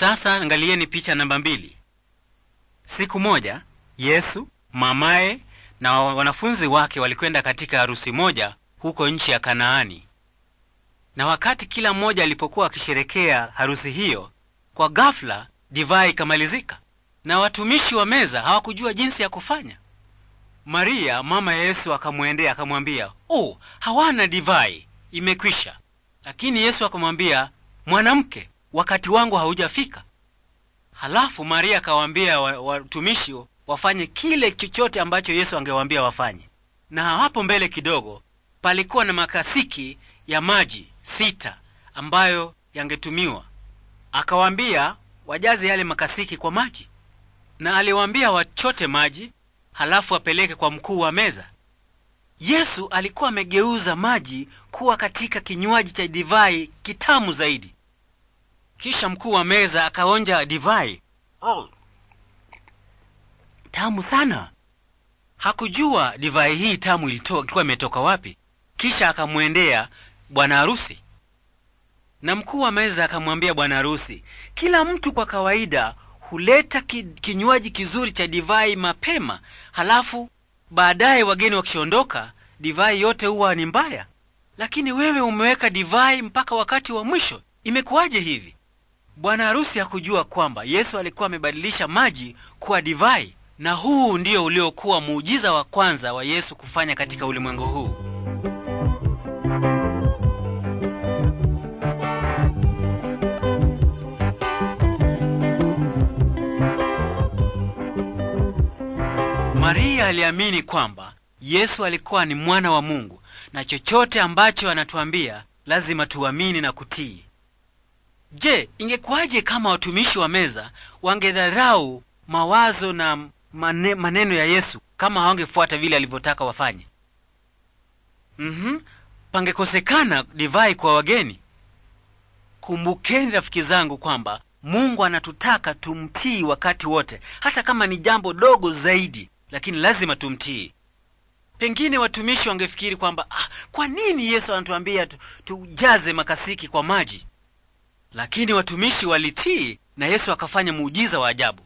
Sasa angalieni picha namba mbili. Siku moja Yesu, mamaye na wanafunzi wake walikwenda katika harusi moja huko nchi ya Kanaani. Na wakati kila mmoja alipokuwa akisherekea harusi hiyo, kwa ghafla divai ikamalizika, na watumishi wa meza hawakujua jinsi ya kufanya. Maria mama Yesu akamwendea akamwambia, oh, hawana divai, imekwisha. Lakini Yesu akamwambia, mwanamke, wakati wangu haujafika? Halafu Maria akawaambia watumishi wa, wafanye kile chochote ambacho Yesu angewaambia wafanye. Na hapo mbele kidogo palikuwa na makasiki ya maji sita ambayo yangetumiwa. Akawaambia wajaze yale makasiki kwa maji, na aliwaambia wachote maji, halafu apeleke kwa mkuu wa meza. Yesu alikuwa amegeuza maji kuwa katika kinywaji cha divai kitamu zaidi. Kisha mkuu wa meza akaonja divai. Oh, tamu sana! Hakujua divai hii tamu ilikuwa imetoka wapi. Kisha akamwendea bwana harusi, na mkuu wa meza akamwambia bwana harusi, kila mtu kwa kawaida huleta kinywaji kizuri cha divai mapema, halafu baadaye wageni wakiondoka, divai yote huwa ni mbaya, lakini wewe umeweka divai mpaka wakati wa mwisho. Imekuwaje hivi? Bwana harusi hakujua kwamba Yesu alikuwa amebadilisha maji kuwa divai, na huu ndio uliokuwa muujiza wa kwanza wa Yesu kufanya katika ulimwengu huu. Maria aliamini kwamba Yesu alikuwa ni mwana wa Mungu, na chochote ambacho anatuambia lazima tuamini na kutii. Je, ingekuwaje kama watumishi wa meza wangedharau mawazo na mane, maneno ya Yesu kama hawangefuata vile alivyotaka wafanye? Mm-hmm. Pangekosekana divai kwa wageni. Kumbukeni rafiki zangu kwamba Mungu anatutaka tumtii wakati wote, hata kama ni jambo dogo zaidi, lakini lazima tumtii. Pengine watumishi wangefikiri kwamba ah, kwa nini Yesu anatuambia tujaze makasiki kwa maji? Lakini watumishi walitii na Yesu akafanya muujiza wa ajabu.